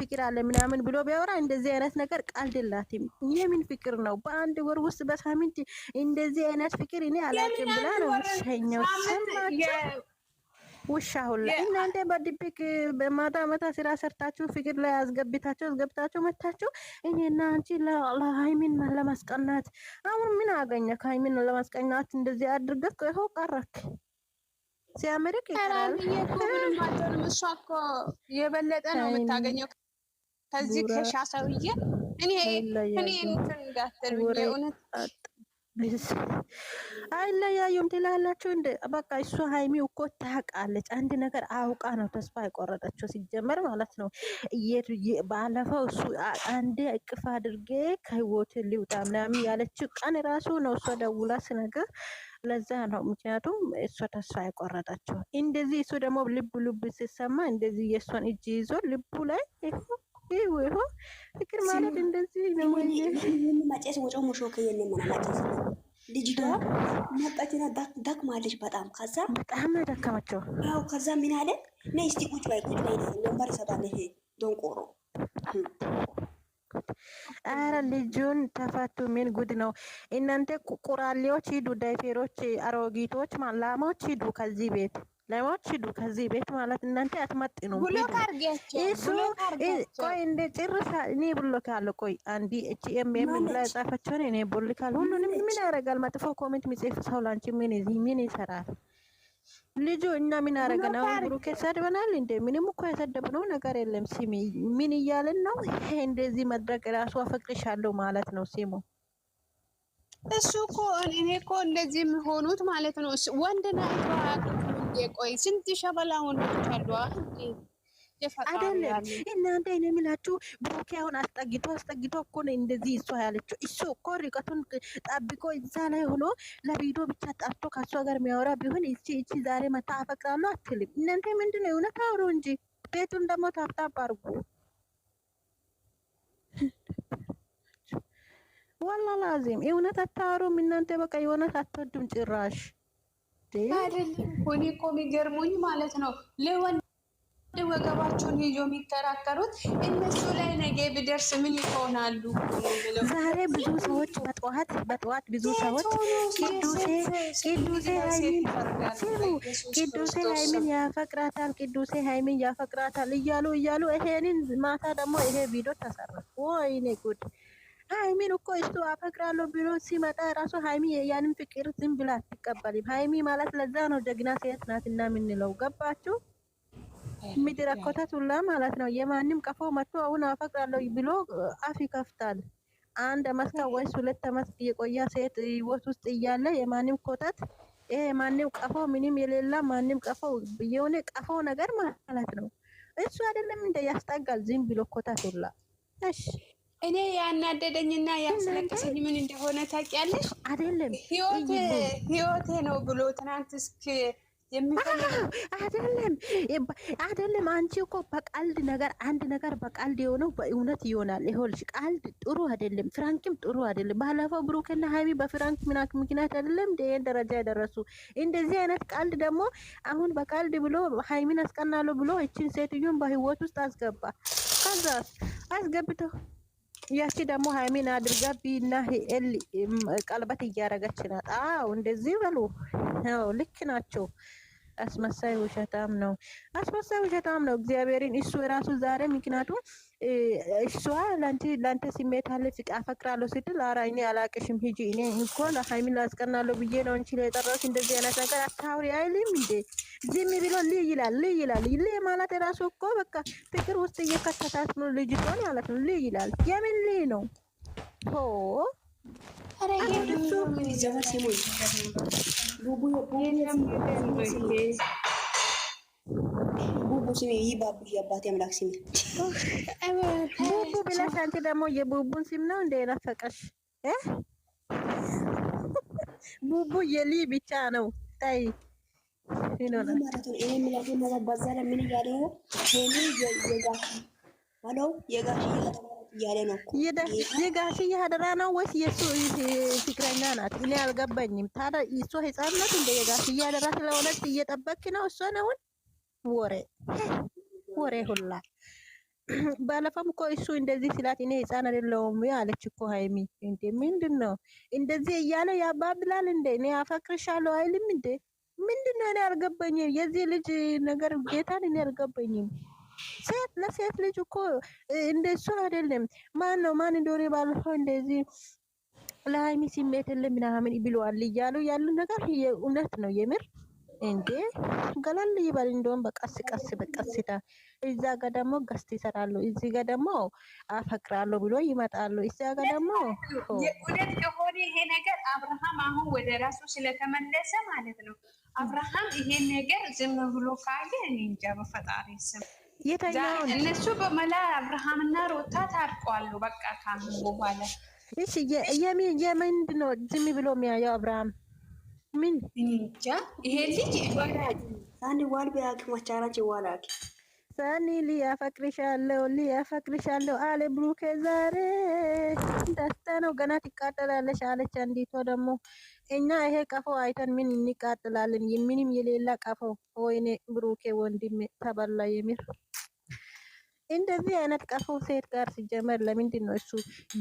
ፍቅር አለ ምናምን ብሎ ቢያወራ እንደዚህ አይነት ነገር ቀልድላትም። የምን ፍቅር ነው? በአንድ ወር ውስጥ በሳምንት እንደዚህ አይነት ፍቅር እኔ አላውቅም ብላ ነው ሰማቸው ውሻ ሁላ እናንተ በድብቅ በማታ መታ ስራ ሰርታችሁ ፍቅር ላይ አስገብታችሁ አስገብታችሁ መታችሁ። እኔና አንቺ ለሃይሚን ለማስቀናት አሁን ምን አገኘ? ከሃይሚን ለማስቀናት እንደዚህ አድርገህ ቀረክ። ሲያምርክ ይቀራልብዬኮምንም እሷ የበለጠ ነው የምታገኘው ከዚህ ከሻ ሰውዬ። እኔ እንትን ጋትር ብዬ እውነት አይለያዩም ትላላችሁ እንደ በቃ እሱ ሀይሚ እኮ ታውቃለች። አንድ ነገር አውቃ ነው ተስፋ የቆረጠችው ሲጀመር ማለት ነው። ባለፈው እሱ አንድ እቅፍ አድርጌ ከህይወት ሊውጣ ምናምን ያለችው ቀን ራሱ ነው እሷ ደውላ ስነገር ለዛ ነው ምክንያቱም እሷ ተስፋ ያቆረጠችው። እንደዚህ እሱ ደግሞ ልቡ ልብ ሲሰማ እንደዚህ የእሷን እጅ ይዞ ልቡ ላይ ይሆ ፍቅር ማለት እንደዚህ ነው። ወጮ ሙሾ ልጅቷ መጣችና በጣም ከዛ በጣም ከዛ ምን አለ ነይ እስቲ ቁጭ በይ ቁጭ በይ ወንበር ይሰጣል ይሄ ደንቆሮ Dhaaraa lijun, tafattoo min guddaa? Innantani quraalloo, hidduu, dayiiferee, aroogitooti mala lama, hiduu, kaziibeet. Lama wachi duukaa ziibet mala inantan ati maxinuun. Isu qo'inde cirrhi isaanii nii bulokaa, qo'i andi HMN laa isaafachuu nii bulokaa. Hundunii ni mi na gargaaru maxxanfamut, komi minii, minii ልጁ እና ምን አረገን? አሁን ብሩክ ሰድበናል እንዴ? ምንም እኮ የሰደብነው ነገር የለም። ሲሚ ምን እያልን ነው? ይሄ እንደዚህ መድረክ ራሱ አፈቅርሻለሁ ማለት ነው። ሲሙ እሱ እኮ እኔ እኮ እንደዚህ የሚሆኑት ማለት ነው። ወንድና የቆይ ስንት ሸበላ ወንዶች አሉ። አይደለም እናንተ እኔ የምላችሁ ብሩኬ አሁን አስጠግቶ አስጠግቶ እኮ ነው እንደዚህ እሷ ያለችው። እሱ እኮ ርቀቱን ጠብቆ እዛ ላይ ሆኖ ለቪዲዮ ብቻ ጣጥቶ ከእሷ ጋር የሚያወራ ቢሆን እቺ እቺ ዛሬ መታ አፈቅራለሁ አትልም። እናንተ ነው የእውነት አውሮ እንጂ ቤቱን ደግሞ ታብታብ አርጉ። ወላ ላዚም የእውነት አታወሩም እናንተ በቃ የእውነት አትወዱም ጭራሽ አይደለም። እኔ እኮ የሚገርሙኝ ማለት ነው ለወንድ ወገባቸውን ይዞ የሚከራከሩት እነሱ ላይ ነገ ብደርስ ምን ይሆናሉ? ዛሬ ብዙ ሰዎች በጠዋት በጠዋት ብዙ ሰዎች ቅዱሴ ቅዱሴ ሀይሚን ቅዱሴ ሀይሚን ያፈቅራታል ቅዱሴ ሀይሚን ያፈቅራታል እያሉ እያሉ ይሄንን ማታ ደግሞ ይሄ ቪዲዮ ተሰራ። ወይኔ ጉድ! ሀይሚን እኮ እሱ አፈቅራለሁ ብሎ ሲመጣ ራሱ ሃይሚ ያንን ፍቅር ዝም ብላ አትቀበልም። ሃይሚ ማለት ለዛ ነው ጀግና ሴት ናት እና የምንለው ገባችሁ? የሚድረኮታት ሁላ ማለት ነው። የማንም ቀፎ መጥቶ አሁን አፈቅራለሁ ብሎ አፍ ይከፍታል። አንድ አመስካ ወይስ ሁለት አመስክ የቆያ ሴት ህይወት ውስጥ እያለ የማንም ኮታት ይሄ ማንም ቀፎ ምንም የሌላ ማንም ቀፎ የሆነ ቀፎ ነገር ማለት ነው። እሱ አይደለም እንደ ያስጠጋል ዝም ብሎ ኮተት ሁላ። እሺ እኔ ያናደደኝና ያስለቀሰኝ ምን እንደሆነ ታውቂያለሽ? አይደለም ህይወቴ ነው ብሎ ትናንት እስክ አይደለም አይደለም። አንቺ እኮ በቀልድ ነገር አንድ ነገር በቀልድ የሆነው በእውነት ይሆናል። ይኸውልሽ ቀልድ ጥሩ አይደለም፣ ፍራንክም ጥሩ አይደለም። ባለፈው ብሩክና ሀይሚ በፍራንክ ምናክ ምክንያት አይደለም ይሄን ደረጃ የደረሱ። እንደዚህ አይነት ቀልድ ደግሞ አሁን በቀልድ ብሎ ሀይሚን አስቀናለሁ ብሎ እችን ሴትዮን በህይወት ውስጥ አስገባ። ከዛ አስገብተው ያቺ ደግሞ ሀይሚን አድርጋ ቢና ሄል ቀለበት እያረገች ናት። አዎ እንደዚህ በሉ ልክ ናቸው። አስመሳይ ውሸታም ነው። አስመሳይ ውሸታም ነው። እግዚአብሔርን እሱ የራሱ ዛሬ ምክንያቱም እሷ ለአንተ ስሜት አለ ፍቃ አፈቅራለሁ ስትል ኧረ እኔ አላቅሽም ሂጂ እኔ እንኳን ሀይሚን ላስቀናለሁ ብዬ ነው እንቺ የጠራሁት እንደዚህ አይነት ነገር አታውሪ አይልም እንዴ? ዝም ብሎ ልይ ይላል። ልይ ይላል። ልይ ማለት የራሱ እኮ በቃ ፍቅር ውስጥ እየከተታት ነው ልጅቷን ማለት ነው። ልይ ይላል። የምን ልይ ነው ሆ ስሜ ይህ ባቡሽ የአባቴ አምላክ ስሜ ቡቡ ብለሽ አንቺ ደግሞ የቡቡን ስም ነው እንደ የነፈቀሽ ቡቡ የሊ ብቻ ነው። ታይ ምን እያለ ነው? እያለ ነው የጋሽዬ ሀደራ ነው ወይስ የእሱ ፍቅረኛ ናት? እኔ አልገባኝም። ታዲያ እሷ ህፃን ናት እንደ የጋሽዬ ሀደራ ስለሆነች እየጠበቅክ ነው እሷን? አሁን ወሬ ወሬ ሁላ። ባለፈም እኮ እሱ እንደዚህ ስላት እኔ ህፃን አይደለሁም አለች እኮ ሀይሚ። እንዴ ምንድን ነው እንደዚህ እያለ ያባብላል እንዴ? እኔ አፈቅርሻለሁ አይልም እንዴ? ምንድን ነው? እኔ አልገባኝም። የዚህ ልጅ ነገር ጌታን እኔ አልገባኝም። ሴት ለሴት ልጅ እኮ እንደሱ አይደለም። ማን ነው ማን እንደሆነ ባለፈው እንደዚህ ለሀይሚ ስሜት የለም ምናምን ብለዋል እያሉ ያሉ ነገር የእውነት ነው የምር እንዴ ገላል ይባል እንደውም በቀስ ቀስ በቀስታ እዛ ጋ ደግሞ ገስት ይሰራሉ፣ እዚ ጋ ደግሞ አፈቅራለሁ ብሎ ይመጣሉ። እዛ ጋ ደግሞ የእውነት ከሆነ ይሄ ነገር አብርሃም አሁን ወደ ራሱ ስለተመለሰ ማለት ነው። አብርሃም ይሄን ነገር ዝም ብሎ ካለ እኔ እንጃ በፈጣሪ ስም የተኛው እነሱ በመላ አብርሃምና ሮታ ታርቋሉ። በቃ ካምን በኋላ እሺ፣ የምንድን ነው ዝም ብሎ የሚያየው አብርሃም? ምን እንጃ። ይሄ ልጅ ዋል ቢያቅ ማቻራች ሰኒ ሊያፈቅርሻለሁ ሊያፈቅርሻለሁ አለ ብሩኬ። ዛሬ ደስታ ነው፣ ገና ትቃጠላለሽ አለች። አንዲቷ ደግሞ እኛ ይሄ ቀፎ አይተን ምን እንቃጥላለን? ምንም የሌላ ቀፎ። ወይኔ ብሩኬ ወንድሜ ተበላ የሚል እንደዚህ አይነት ቀፎ ሴት ጋር ሲጀመር ለምንድን ነው እሱ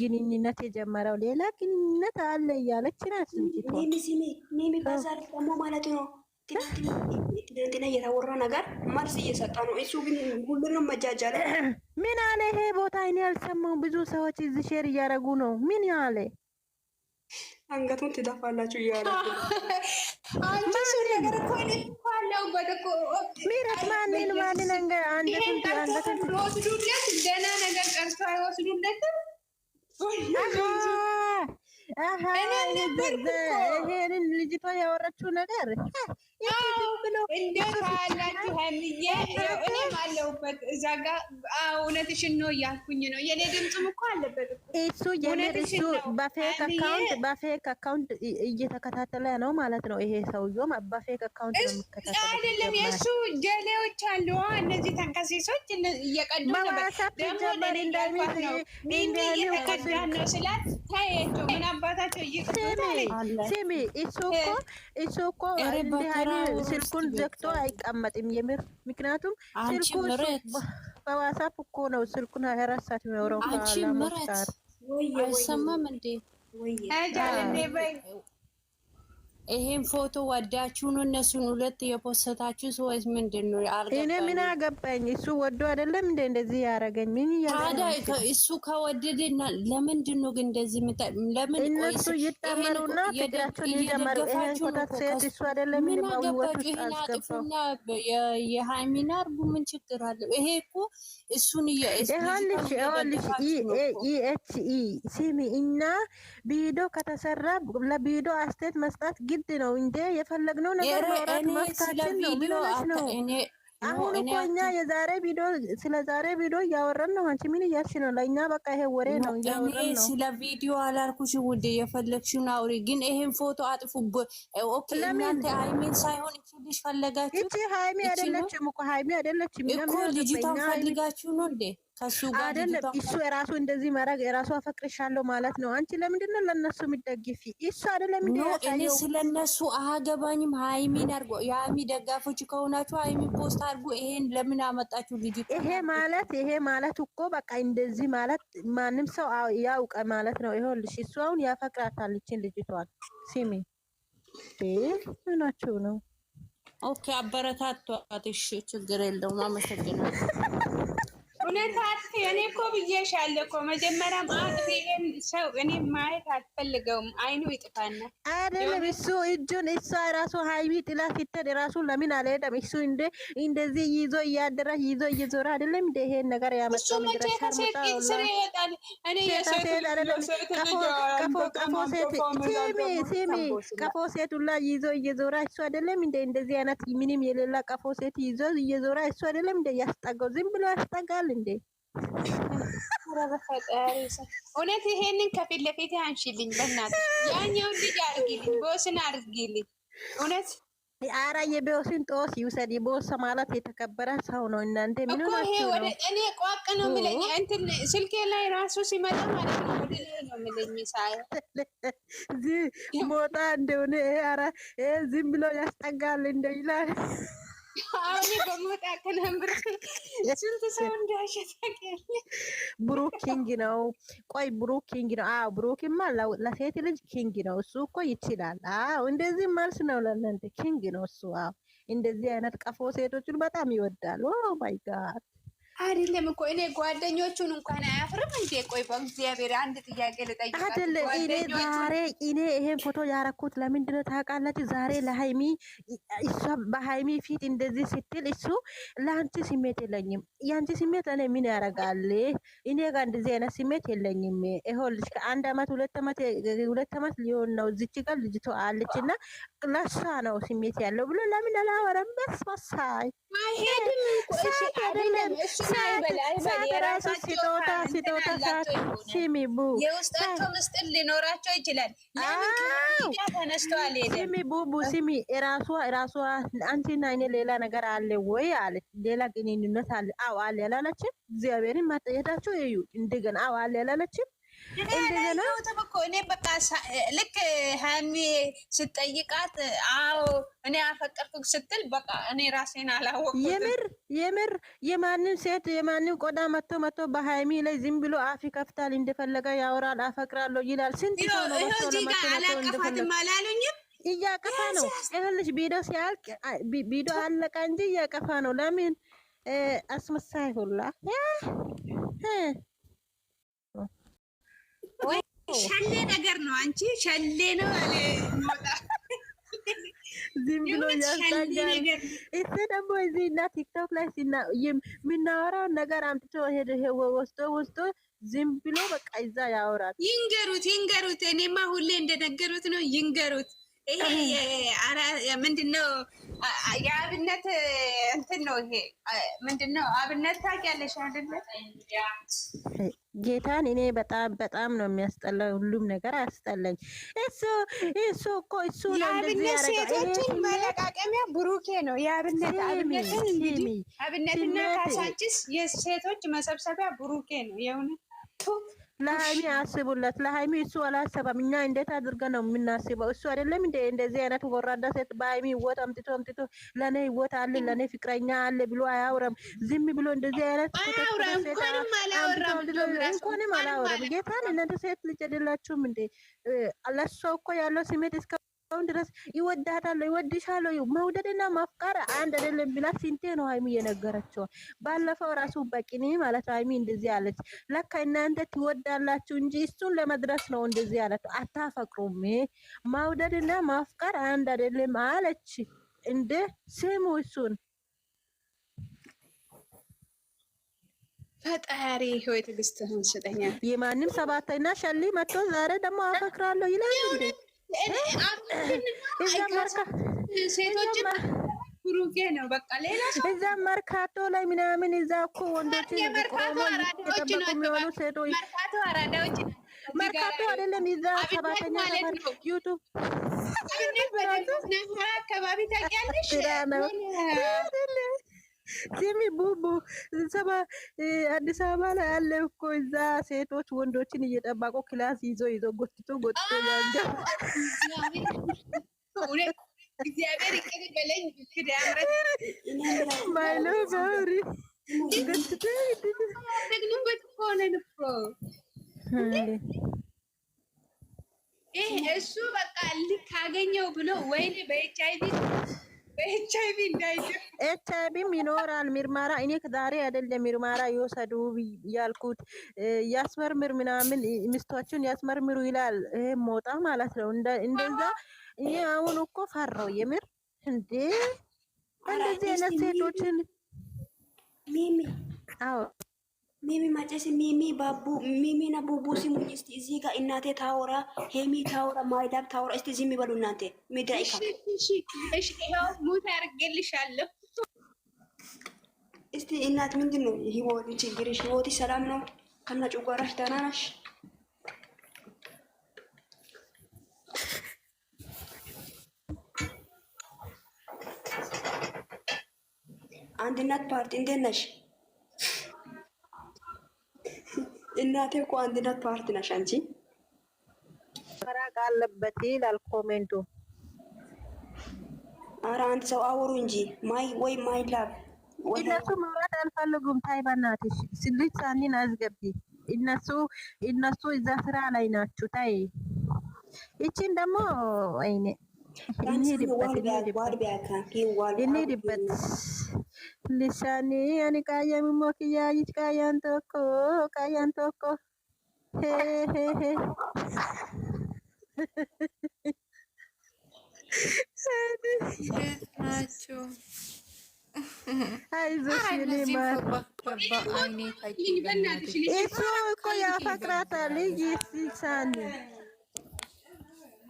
ግንኙነት የጀመረው? ሌላ ግንኙነት አለ እያለች ናት። ሲሚ በዛ ደግሞ ማለት ነው ትናንትና እየታወራ ነገር መልስ እየሰጠ ነው። እሱ ግን ሁሉንም መጃጃለ ምን አለ? ይሄ ቦታ እኔ ያልሰማው ብዙ ሰዎች እዚህ ሼር እያደረጉ ነው። ምን አለ? አንገቱን ትደፋላችሁ እያሉ ማንን ማንን ገና ነገር ቀርቶ አይወስዱለትም ይሄንን ልጅቷ ያወራችው ነገር እንዴት አላችሁ? ሀይሚዬ እኔም አለሁበት እዛ ጋ እውነትሽን ነው እያልኩኝ ነው። የኔ ድምፅም እኮ አለበት እሱ እሱ በፌክ አካውንት በፌክ አካውንት እየተከታተለ ነው ማለት ነው። ይሄ ሰውዬውም በፌክ አካውንት አይደለም የእሱ ጀሌዎች አሉ። እነዚህ ተንከሲሶች እየቀዱ ነው። ደግሞ ለእኔ እንዳልኩት ነው ስላት ታየቸው ምናምን አባታቸው እሱ እኮ እሱ እኮ እንዲህ ስልኩን ዘግቶ አይቀመጥም። የምር ምክንያቱም ስልኩ በዋሳፕ እኮ ነው ስልኩን ረሳት የሚኖረው። አንቺ ምረት አይሰማም እንዴ? ይሄን ፎቶ ወዳችሁ ነው እነሱን ሁለት የፖስታችሁ ሰዎች ምንድን ነው? እኔ ምን አገባኝ? እሱ ወዶ አይደለም እንደ እንደዚህ ያረገኝ ምን ታዲያ፣ እሱ ከወደደና ለምንድን ነው ግን እንደዚህ ለምን እነሱ ይጣመሩና ፍቅራቸውን ይጀምሩ? ይሄን ኮታት ሴት እሱ አይደለም ምን አገባችሁ? ይሄን አጥፉና የሃይሚን አርጉ። ምን ችግር አለ? ይሄ እኮ እሱን ይሄልሽ ይሄልሽ ኢኤችኢ ሲሚ እና ቪዲዮ ከተሰራ ለቪዲዮ አስተያየት መስጠት ግድ ነው እንዴ? የፈለግነው ነገር ማውራት መፍታችን ነው። ምን ነው? አሁን እኮ እኛ የዛሬ ቪዲዮ ስለ ዛሬ ቪዲዮ እያወረን ነው። አንቺ ምን እያልሽ ነው? ለእኛ በቃ ይሄ ወሬ ነው እያወረን ነው። ስለ ቪዲዮ አላልኩሽ ውዴ፣ የፈለግሽውን አውሪ፣ ግን ይሄን ፎቶ አጥፉ። ኦኬ፣ እናንተ ሃይሚን ሳይሆን እቺ ልጅ ፈለጋችሁ። እቺ ሀይሜ አይደለችም እኮ ሀይሜ አይደለችም እኮ ልጅቷን ፈልጋችሁ ነው እንዴ? ከሱ ጋር አይደለም። እሱ የራሱ እንደዚህ ማድረግ የራሱ አፈቅርሻለሁ ማለት ነው። አንቺ ለምንድን ነው ለነሱ የሚደግፊ? እሱ አይደለም እኔ ስለነሱ አያገባኝም። ሃይሚን አርጎ የሃይሚ ደጋፎች ከሆናችሁ ሃይሚ ፖስት አርጎ ይሄን ለምን አመጣችሁ? ልጅ ይሄ ማለት ይሄ ማለት እኮ በቃ እንደዚህ ማለት ማንም ሰው ያውቀ ማለት ነው። ይኸውልሽ እሱ አሁን ያፈቅራታል ይችን ልጅቷን። ሲሚ ምናችሁ ነው? ኦኬ አበረታቷት። እሺ ችግር የለውም። አመሰግናለሁ። እኔ እኮ ብዬሻለሁ እኮ መጀመሪያም ይሄን ሰው እኔ ማየት አልፈልገውም። አይኑ ይጥፋና አይደለም እሱ እጁን እሷ ራሱ ሀይሚ ጥላ ፊትን ራሱ ለምን አልሄደም? እሱ እንደ እንደዚህ ይዞ እያደረ ይዞ እየዞረ አይደለም እንደ ይሄን ነገር ያመጣው ቀፎ ሴት ሁላ ይዞ እየዞረ እሱ አይደለም እንደ እንደዚህ አይነት ምንም የሌላ ቀፎ ሴት ይዞ እየዞረ እሱ አይደለም እንደ ያስጠጋው ዝም ብሎ ያስጠጋል። እንዴ? እውነት ይሄንን ከፊት ለፊት አንሺልኝ፣ በናት ያኛውን ልጅ አድርጊልኝ፣ ቦስን አድርጊልኝ። እውነት አራ የቦስን ጦስ ይውሰድ። ቦስ ማለት የተከበረ ሰው ነው። እናንተ ምን ነው ይሄ? ወደ እኔ ቋቅ ነው ምለኝ፣ እንትን ስልኬ ላይ ራሱ ሲመጣ ማለት ነው። ወደ እኔ ነው ምለኝ። ሳይ ሞጣ እንደሆነ አራ ዝም ብሎ ያስጠጋል እንደይላል አሁን በመካከለን ብር ስንት ሰው እንዳሸታቅ ብሩክ ኪንግ ነው። ቆይ ብሩክ ኪንግ ነው። አዎ ብሩክማ ለሴት ልጅ ኪንግ ነው። እሱ እኮ ይችላል። አዎ እንደዚህ መልስ ነው ለእናንተ ኪንግ ነው እሱ። አዎ እንደዚህ አይነት ቀፎ ሴቶችን በጣም ይወዳሉ። ኦ ማይ ጋድ አይደለም እኮ እኔ ጓደኞቹን እንኳን አያፍርም እንዴ? ቆይ በእግዚአብሔር አንድ ጥያቄ ልጠይቅ። አይደለም እኔ ዛሬ እኔ ይሄን ፎቶ ያረኩት ለምንድን ነው ታውቃላችሁ? ዛሬ ለሃይሚ እሷ በሃይሚ ፊት እንደዚህ ስትል እሱ ለአንቺ ስሜት የለኝም፣ የአንቺ ስሜት እኔ ምን ያረጋል? እኔ ጋር እንደዚህ አይነት ስሜት የለኝም። ይኸውልሽ ከአንድ አመት ሁለት አመት ሁለት አመት ሊሆን ነው እዚች ጋር ልጅቶ አለች እና ለሷ ነው ስሜት ያለው ብሎ ለምን አላወረም? በስመ አብ አይሄድም ሲሚቡ የውስጣቸው ምስጢር ሊኖራቸው ይችላል። ተነስተዋል ሲሚ ቡቡ ሲሚ ራሷ ራሷ አንቺና እኔ ሌላ ነገር አለ ወይ አለች። ሌላ ግንኙነት አለ አዎ አለ ያላለችም። እግዚአብሔርን መጠየታቸው እዩ እንደገና አዎ አለ ያላለችም እንደገና እኔ በቃ ልክ ሀሚ ስጠይቃት አዎ እኔ አፈቀርኩ ስትል በቃ እኔ ራሴን አላወኩም። የምር የምር የማንም ሴት የማንም ቆዳ መቶ መቶ በሀይሚ ላይ ዝም ብሎ አፍ ይከፍታል፣ እንደፈለገ ያወራል፣ አፈቅራለሁ ይላል። ስንት ሰው ነው አላቀፋትም አላሉኝም እያቀፋ ነው ይኸውልሽ፣ ቢዶ ሲያልቅ ቢዶ አለቀ እንጂ እያቀፋ ነው። ለምን አስመሳይ ሁላ ሸሌ ነገር ነው። አንቺ ሸሌ ነው አለ ዝም ብሎ ያስታጋል። እሱ ደግሞ እዚህ እና ቲክቶክ ላይ ሲና የምናወራውን ነገር አምጥቶ ሄደ ወስዶ ወስዶ ዝም ብሎ በቃ ይዛ ያወራል። ይንገሩት፣ ይንገሩት። እኔማ ሁሌ እንደነገሩት ነው። ይንገሩት ምንድነው የአብነት እንትን ነው ይሄ ምንድነው? አብነት ታውቂያለሽ አይደለ? ጌታን እኔ በጣም በጣም ነው የሚያስጠላ። ሁሉም ነገር አያስጠላኝ። እሱ እሱ እኮ እሱ የአብነት ሴቶችን መለቃቀሚያ ብሩኬ ነው። የአብነት አብነትን እንግዲህ አብነትና ካሳንቺስ የሴቶች መሰብሰቢያ ብሩኬ ነው የእውነት ለሀይሚ አስቡለት። ለሀይሚ እሱ አላሰበም። እኛ እንዴት አድርገን ነው የምናስበው? እሱ አይደለም እንደ እንደዚህ አይነት ወራዳ ሴት በሀይሚ ህይወት አምጥቶ አምጥቶ ለእኔ ህይወት አለ ለእኔ ፍቅረኛ አለ ብሎ አያውረም። ዝም ብሎ እንደዚህ አይነት እንኳንም አላወረም። ጌታን እናንተ ሴት ልጅ አይደላችሁም እንዴ? ለሷ እኮ ያለው ስሜት እስከ እስካሁን ድረስ ይወዳታለሁ ይወድሻለሁ መውደድና ማፍቀር አንድ አይደለም ብላ ስንቴ ነው ሀይሚ የነገረችው። ባለፈው ራሱ በቂኒ ማለት ሀይሚ እንደዚህ አለች። ለካ እናንተ ትወዳላችሁ እንጂ እሱን ለመድረስ ነው እንደዚህ አለች። አታፈቅሩም። መውደድና ማፍቀር አንድ አይደለም አለች። እንደ ስሙ እሱን ፈጣሪ ህይወት ትዕግስትህን ስጠኛ። የማንም ሰባተኛ ሸሊ መጥቶ ዛሬ ደግሞ አፈቅራለሁ ይላል እንዴ? እዛ መርካቶ ላይ ምናምን እዛ እኮ ወንዶች መርካቶ አይደለም እዛ ሰባተኛ ዩቱብ አካባቢ ታውቂያለሽ ስሚ ቡቡ ሰባ አዲስ አበባ ላይ አለ እኮ እዛ ሴቶች ወንዶችን እየጠባቁ ክላስ ይዞ ይዞ ጎትቶ ጎትቶ ያንገ እግዚአብሔር ይቅር በለኝ ይህ እሱ በቃ ልክ አገኘው ብሎ ወይኔ በኤች አይቪ ኤች አይቪ እንዳይደር ኤች አይቪም ይኖራል። ምርመራ እኔ ከዛሬ አይደለም ምርመራ ይወሰዱ ያልኩት ያስመርምር ምናምን ሚስቶችን ያስመርምሩ ይላል። ሞጣ ማለት ነው። እንደዛ እኔ አሁን እኮ ፈራው የምር እንዴ እንደዚህ አይነት ሴቶችን ሚሚ አዎ ሚሚ ማጨስ ሚሚ ባቡ ሚሚና ቡቡ ሲሙኝ እስቲ እዚህ ጋር እናቴ ታወራ፣ ሄሚ ታወራ፣ ማይዳብ ታወራ። እስቲ ዝም ይበሉ እናንተ ሚዳይ ሙት አድርጌልሻለሁ። እስቲ እናት ምንድን ነው ህይወት ችግርሽ? ህይወት ሰላም ነው? ከነ ጨጓራሽ ደህና ነሽ? አንድነት ፓርቲ እንዴት ነሽ? እናቴ እኮ አንድነት ፓርቲ ነሽ አንቺ። መራቅ አለበት ይላል ኮሜንቱ። ኧረ አንድ ሰው አውሩ እንጂ ማይ ወይ ማይ ላብ እነሱ ማውራት አልፈልጉም። ታይ በናትሽ ስልክ ሳኒን አስገቢ። እነሱ እነሱ እዛ ስራ ላይ ናችሁ። ታይ ይችን ደግሞ ወይኔ አይኔ እንሄድበት lisani ani kaya mimo kiya yit kaya antoko kaya antoko he he he አይዞሽ የኔ ማር እሱ እኮ ያፈቅራታል። ይስሳኒ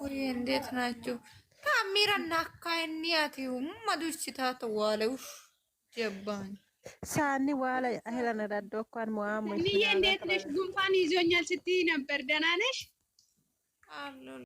ወይ እንዴት ናችሁ? ታሚረና አካይኒያት ይሁም መዱችታ ተዋለውሽ ሳኒ ዋላ እህለን ረዶኳን መዋሙ እንዴት ነሽ? ጉንፋን ይዞኛል ስትይ ነበር። ደህና ነሽ?